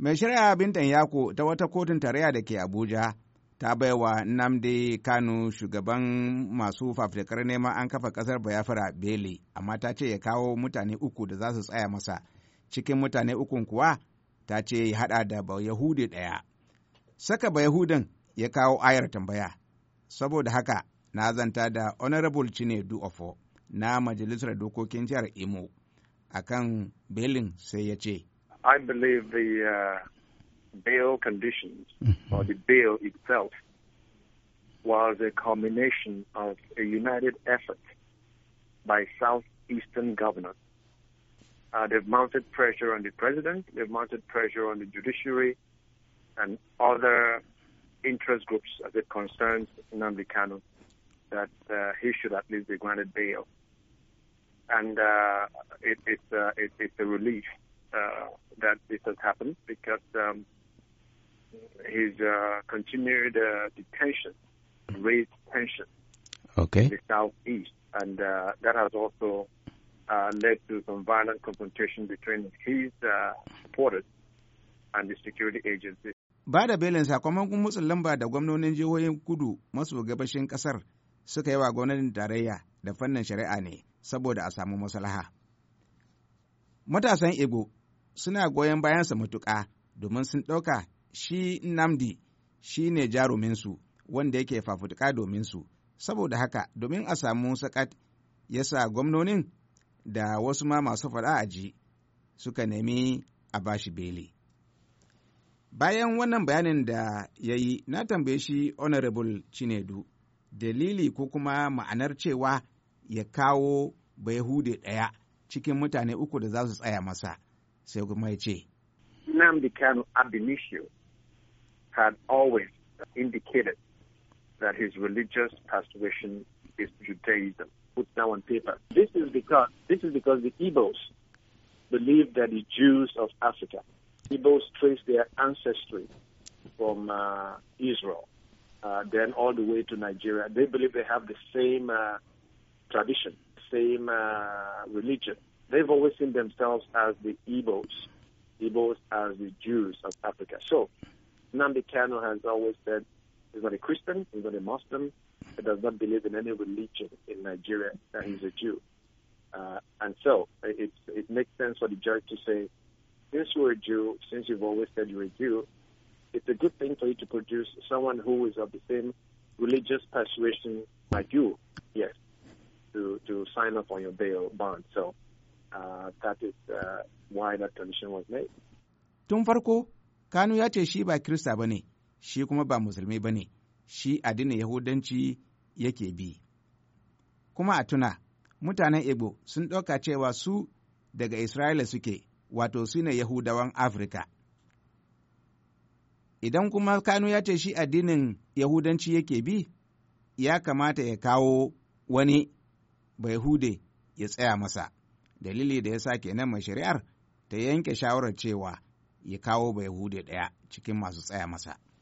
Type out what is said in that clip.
Mai shari'a Bintan Yako ta wata kotun tarayya da ke Abuja ta baiwa Nnamdi Kanu shugaban masu fafutukar neman an kafa kasar Biafra Bele amma ta ce ya kawo mutane uku da za su tsaya masa cikin mutane ukun kuwa ta ce ya hada da Yahudi ɗaya. Saka Bayahudan ya kawo ayar tambaya saboda haka na zanta da Honorable Chinedu Ofo na Majalisar Dokokin Jihar Imo akan belin sai ya ce. I believe the uh, bail conditions mm-hmm. or the bail itself was a combination of a united effort by southeastern governors. Uh, they've mounted pressure on the president, they've mounted pressure on the judiciary, and other interest groups as it concerns Nnamdi Kanu that uh, he should at least be granted bail. And uh, it, uh, it, it's a relief Uh, that this has happened because um, his uh, continued uh, detention raised tension okay. in the southeast, and that has also led to some violent confrontation between his supporters and the security agencies. Ba da belin sakamakon matsin lamba da gwamnonin jihohin kudu maso gabashin kasar suka yi wa gwamnatin tarayya da fannin shari'a ne saboda a samu maslaha. Matasan Igbo suna goyon bayansa matuƙa domin sun ɗauka shi namdi shi ne jaruminsu wanda yake fafutuka dominsu Saboda haka domin a samu sakat ya sa gwamnonin da wasu ma masu faɗa a ji suka nemi a bashi beli. Bayan wannan bayanin da ya yi na tambaye shi Honorable Chinedu dalili ko kuma ma'anar cewa ya kawo Bayahude ɗaya cikin mutane uku da za su tsaya masa. sai kuma Nnamdi Kanu Abinishio had always indicated that his religious persuasion is Judaism. Put now on paper. This is because this is because the Igbos believe that the Jews of Africa, Igbos trace their ancestry from uh, Israel, uh, then all the way to Nigeria. They believe they have the same uh, tradition, same uh, religion, they've always seen themselves as the Igbos, Igbos as the Jews of Africa. So Nambi Kano has always said he's not a Christian, he's not a Muslim, he does not believe in any religion in Nigeria, that he's a Jew. Uh, and so it, it makes sense for the judge to say, since you're a Jew, since you've always said you're a Jew, it's a good thing for you to produce someone who is of the same religious persuasion like you, yes, to, to sign up on your bail bond. So Uh, Tun farko, Kanu ya ce shi ba Kirista ba ne, shi kuma ba Musulmi ba ne, shi addinin Yahudanci yake bi. Kuma a tuna, mutanen Igbo sun ɗauka cewa su daga Isra'ila suke, wato su ne Yahudawan Afirka. Idan kuma Kanu ya ce shi addinin Yahudanci yake bi, ya kamata ya kawo wani Yahude ya tsaya masa. dalili da ya sa kenan mai shari'ar ta yanke shawarar cewa ya kawo bai hude ɗaya cikin masu tsaya masa